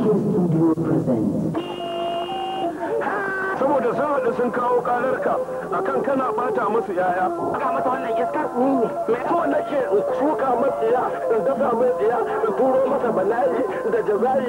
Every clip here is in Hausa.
Radio Studio presents. Saboda sun haɗu sun kawo ƙararka akan kana ɓata musu yaya. Ka masa wannan iskar ni ne. Me so nake in shuka matsiya, in dafa matsiya, in turo masa bala'i da jazayi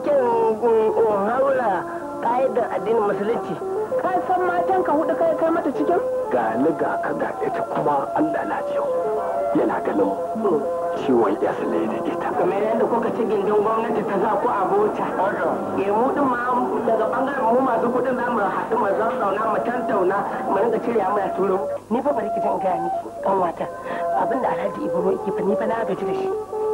kuke haula ƙa'idar addinin musulunci ka san matan ka hudu kai kai mata cikin ga ni ga ka ga ita kuma Allah na ciwo yana ganin ciwon ya sale da ita kamar yadda kuka ci gindin gwamnati ta za ku abota ya mudu ma daga bangaren mu masu kudin za mu haɗu mu zauna mu tantauna mu rinka cire mu ya turo ni fa bari ki jin gani kan wata abinda Alhaji Ibro yake fa ni fa na gaji da shi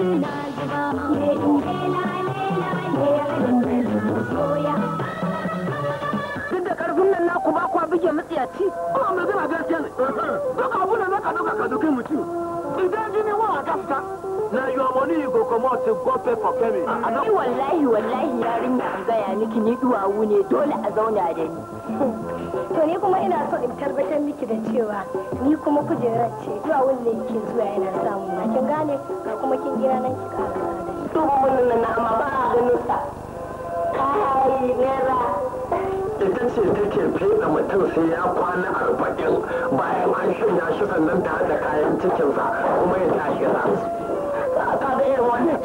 Duk da karfin nan naku ba kwa buge matsiyaci. Ba mai zama gaskiya ne. Duk zaka duka ka duke mutum. Idan jini wa ka fita. na your money you go comot go for kemi. ni wallahi wallahi yarinya an gaya miki ni duwawu ne dole a zauna da ni. to ni kuma ina so in tabbatar miki da cewa ni kuma kujerar ce duwawun ne ke zuwa yana samu na kin gane ga kuma kin gina nan ki kara to na amma ba a ganin sa. kai naira. ita ce take a mutum sai ya kwana arba'in bayan an shirya shi sannan ta haɗa kayan cikinsa kuma ya tashi ransu.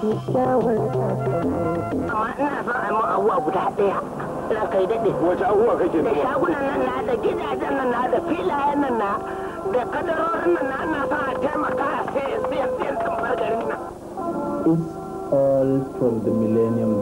kyakkyawar ina son a mun abuwa guda ɗaya kai daɗe da nan na da gidajen na da na da kadarorin na taimaka a sai sai sai garin nan It's all from the millennium